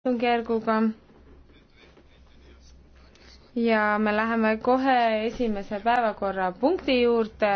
istungjärguga ja me läheme kohe esimese päevakorrapunkti juurde